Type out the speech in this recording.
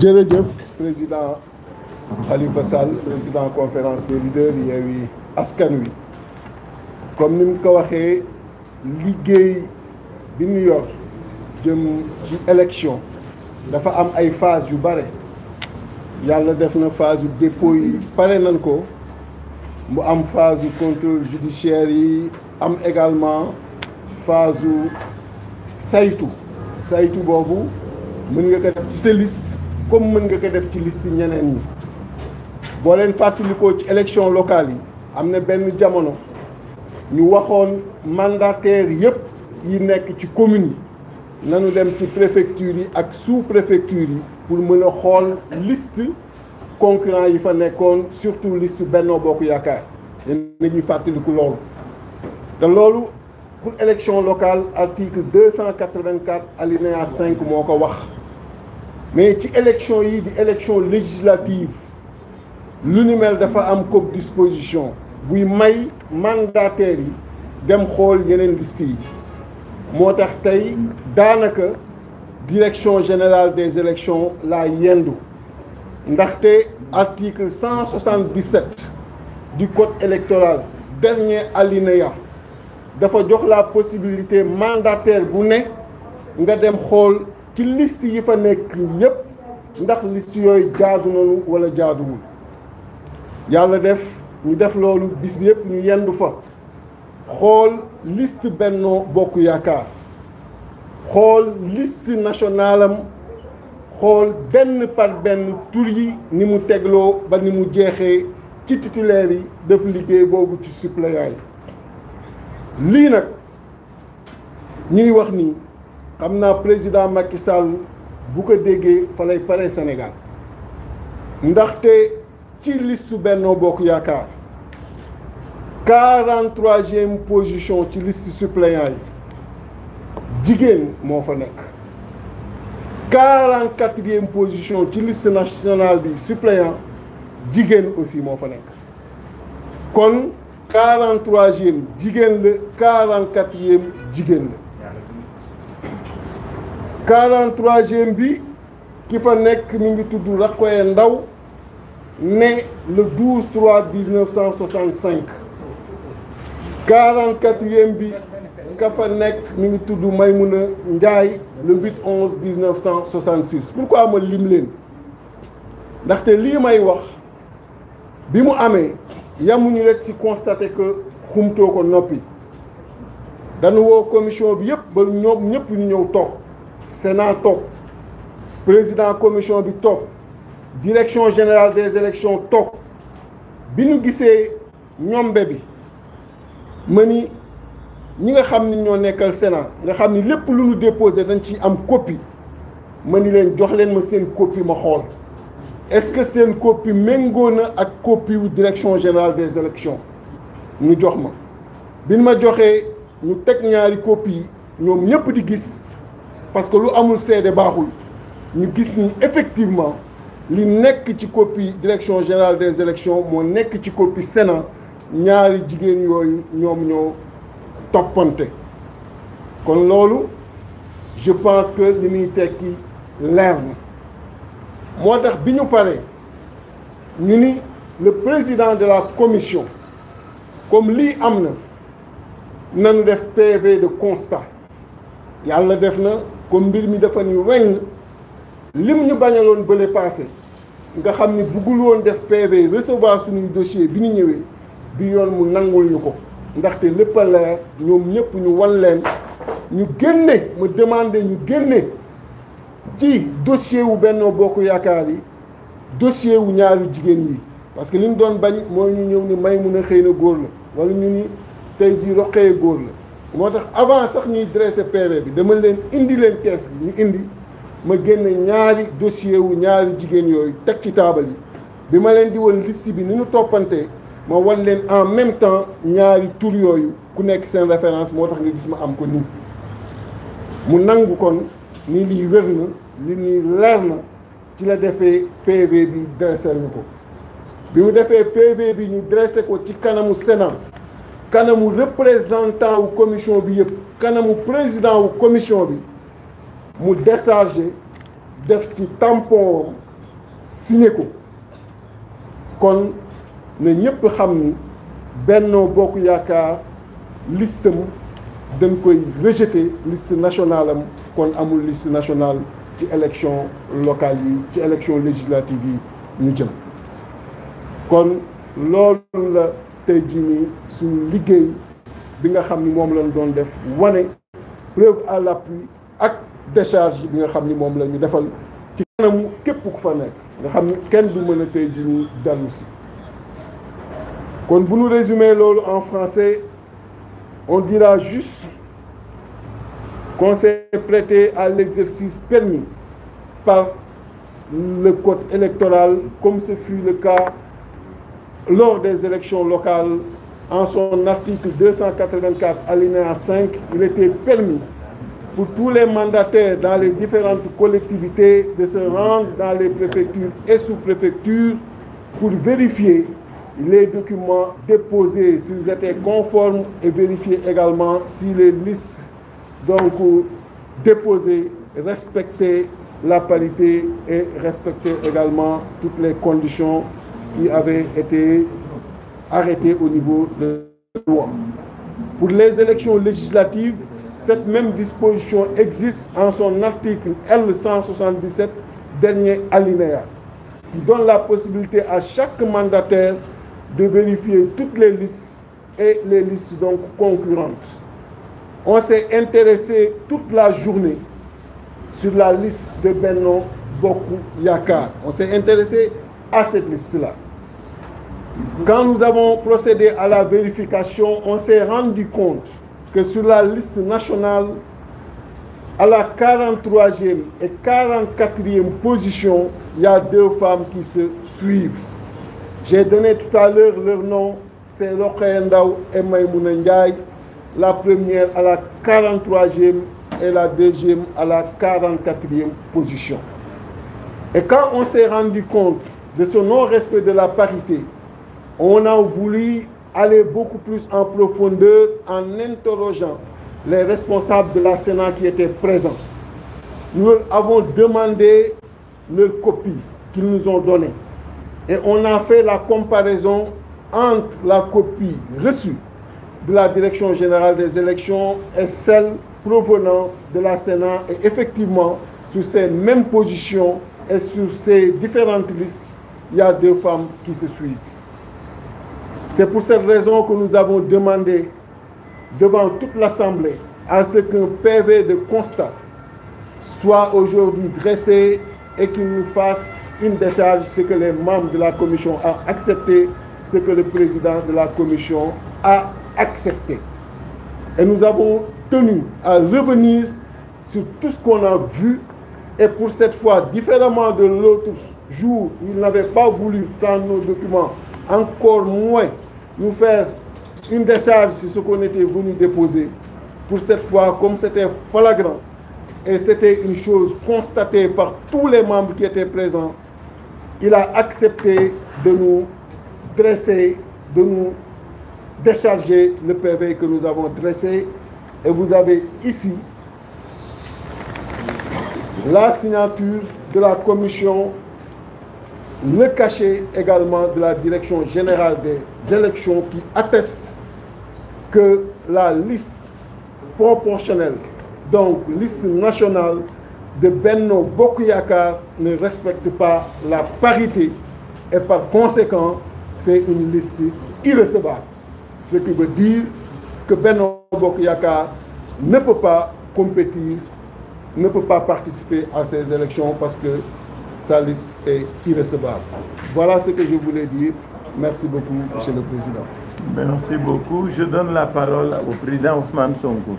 jërëjëf président Khalifa Sall président conférence des leaders Yewwi Askan comme ni mu ko waxee liggéey bi ñu yor jëm ci élection dafa am ay phase yu bare yàlla def phase du dépôt yi pare nañ ko mu am phase de contrôle judiciaire yi am également phase du saytu saytu boobu mën nga ko def ci liste comme mën nga ko def ci liste ñeneen ñi fait des fàttalikoo ci élection locale yi am na benn jamono ñu des mandataire qui sont nekk ci commune Nous allons dem ci préfecture yi ak sous préfecture yi pour nous a la liste concurrent yi fa nekkoon surtout liste Benno Bokk Yaakaar yéen ngi fàttaliku loolu te pour élection locale article 284 alinéa 5 moo wax mais ci élection yi di élection législative lu a dafa am ko disposition buy may mandataires yi dem xool yenen liste yi moo dans la direction générale des élections la yendo, ndaxte article 177 du code électoral dernier alinéa dafa jox la possibilité mandataire bu ne nga dem ci liste yi fa nekk ñépp ndax liste yooyu jaadu nañu wala jaaduwul yàlla def ñu def loolu bis bi yépp ñu yendu fa xool liste Benno Bokk Yaakaar xool liste nationale xool benn par benn tur yi ni mu tegloo ba ni mu jeexee ci titulaire yi def liggéey boobu ci suppléant lii nag ñuy wax nii Comme le président Macky Sall bu ko déggee fa lay pare Sénégal ndaxté ci liste Benno Bokk yakar 43e position ci liste suppléant yi jigéen moo fa nek 44e position ci liste nationale bi suppléant jigéen aussi mon fa nek kon 43e jigéen le 44e jigéen 43e bi ki fa nek mi ngi tuddu Rakoye Ndaw né le 12 3 1965 44e bi ka fa nek mi ngi tuddu Maymouna Ndiaye le 8 11 1966 pourquoi ma lim leen ndaxte lii may wax bi mu amee yamuñu rek ci constater que xumtoo ko nopi dañ wo commission bi yépp ba ñom ñëpp ñu ñëw toog Sénat top président commission bi top, direction générale des élections top bi ñu gisee ñombe bi ma ni ñi nga xam ñoo nekkal Sénat nga xam que lépp lu ñu déposé dañ ci am copie ma ni leen jox leen ma copie ma est-ce que c'est une copie méngoo na ak copie la direction générale des élections ñu jox ma bi ñu ma joxee ñu ñaari copie nous ñoom ñëpp di gis parce que lu amul seede baaxul ñu gis ni effectivement li nekk ci copie direction générale des élections moo nekk ci copie Sénat ñaari jigen yoy ñom ñoo topanté kon lolu je pense que limi muy tekki leer na moo tax ñu ni le président de la commission comme li amna nañ def PV de constat yalla def na comme mbir mi dafa ni weng lim ñu bañalon beulé passé nga xamni ni buggul woon def PV recevoir suñu dossier bi ñu ñëwé bi yoon mu nangul ñuko ndax té lépp a leer ñëpp ñu wan leen ñu génné ma demander ñu génné ci dossier wu Benno Bokk Yaakaar dossier wu ñaaru jigen yi parce que li ñu doon bañ mooy ñu ñëw ni may mun a xëy la wala ñu ni tay jii roxé goor la moo tax avant sax ñuy dressé PV bi dama leen indi leen kees bi ñu indi ma génne ñaari dossier wu ñaari jigéen yooyu teg ci taabal yi bi ma leen di woon liste bi ni ñu toppantee ma wan leen en même temps ñaari tur yooyu ku nekk seen référence moo tax nga gis ma am ko nii mu nangu kon ni lii wér na li nii leer na ci la defee PV bi dressé ñu ko bi mu defee PV bi ñu dressé ko ci kanamu Sénat kanamu représentant ou commission bi quand nous président ou commission bi mu déchargé def ci tampon signé ko kon na ñëpp xam ni Benno Bokk liste mu dañ koy rejeter liste nationale am kon amul liste nationale ci élection locale yi ci élection législative yi ñu jëm kon loolu la d'une jii nii suñu liggéey bi nga xam ni moom lañ doon def wane preuve à l'appui ak décharge bi nga xam ni moom la ñu defal ci kanamu képp ku fa nekk nga xam ni kenn du mën a tey jii nii dellu si kon bu ñu résumer loolu en français on dira juste qu'on s'est prêté à l'exercice permis par le code électoral comme ce fut le cas lors des élections locales, en son article 284, alinéa 5, il était permis pour tous les mandataires dans les différentes collectivités de se rendre dans les préfectures et sous-préfectures pour vérifier les documents déposés, s'ils étaient conformes et vérifier également si les listes donc déposées respectaient la parité et respectaient également toutes les conditions qui avait été arrêté au niveau de la loi. Pour les élections législatives, cette même disposition existe en son article L177, dernier alinéa, qui donne la possibilité à chaque mandataire de vérifier toutes les listes et les listes donc concurrentes. On s'est intéressé toute la journée sur la liste de Benno Boku Yakar. On s'est intéressé à cette liste-là. Quand nous avons procédé à la vérification, on s'est rendu compte que sur la liste nationale, à la 43e et 44e position, il y a deux femmes qui se suivent. J'ai donné tout à l'heure leur nom, c'est Rokhaya et Maïmouna la première à la 43e et la deuxième à la 44e position. Et quand on s'est rendu compte de ce non-respect de la parité, on a voulu aller beaucoup plus en profondeur en interrogeant les responsables de la Sénat qui étaient présents. Nous avons demandé leur copie qu'ils nous ont donnée. Et on a fait la comparaison entre la copie reçue de la Direction générale des élections et celle provenant de la Sénat. Et effectivement, sur ces mêmes positions et sur ces différentes listes, il y a deux femmes qui se suivent. C'est pour cette raison que nous avons demandé devant toute l'Assemblée à ce qu'un PV de constat soit aujourd'hui dressé et qu'il nous fasse une décharge, ce que les membres de la commission ont accepté, ce que le président de la commission a accepté. Et nous avons tenu à revenir sur tout ce qu'on a vu. Et pour cette fois, différemment de l'autre jour, il n'avait pas voulu prendre nos documents, encore moins nous faire une décharge sur ce qu'on était venu déposer. Pour cette fois, comme c'était flagrant et c'était une chose constatée par tous les membres qui étaient présents, il a accepté de nous dresser, de nous décharger le PV que nous avons dressé. Et vous avez ici la signature de la commission le cachet également de la direction générale des élections qui atteste que la liste proportionnelle, donc liste nationale de Benno Bokuyaka ne respecte pas la parité et par conséquent, c'est une liste irrecevable. Ce qui veut dire que Benno Bokuyakar ne peut pas compétir, ne peut pas participer à ces élections parce que sa liste est irrecevable. Voilà ce que je voulais dire. Merci beaucoup, Monsieur le Président. Merci beaucoup. Je donne la parole au président Ousmane Sonko.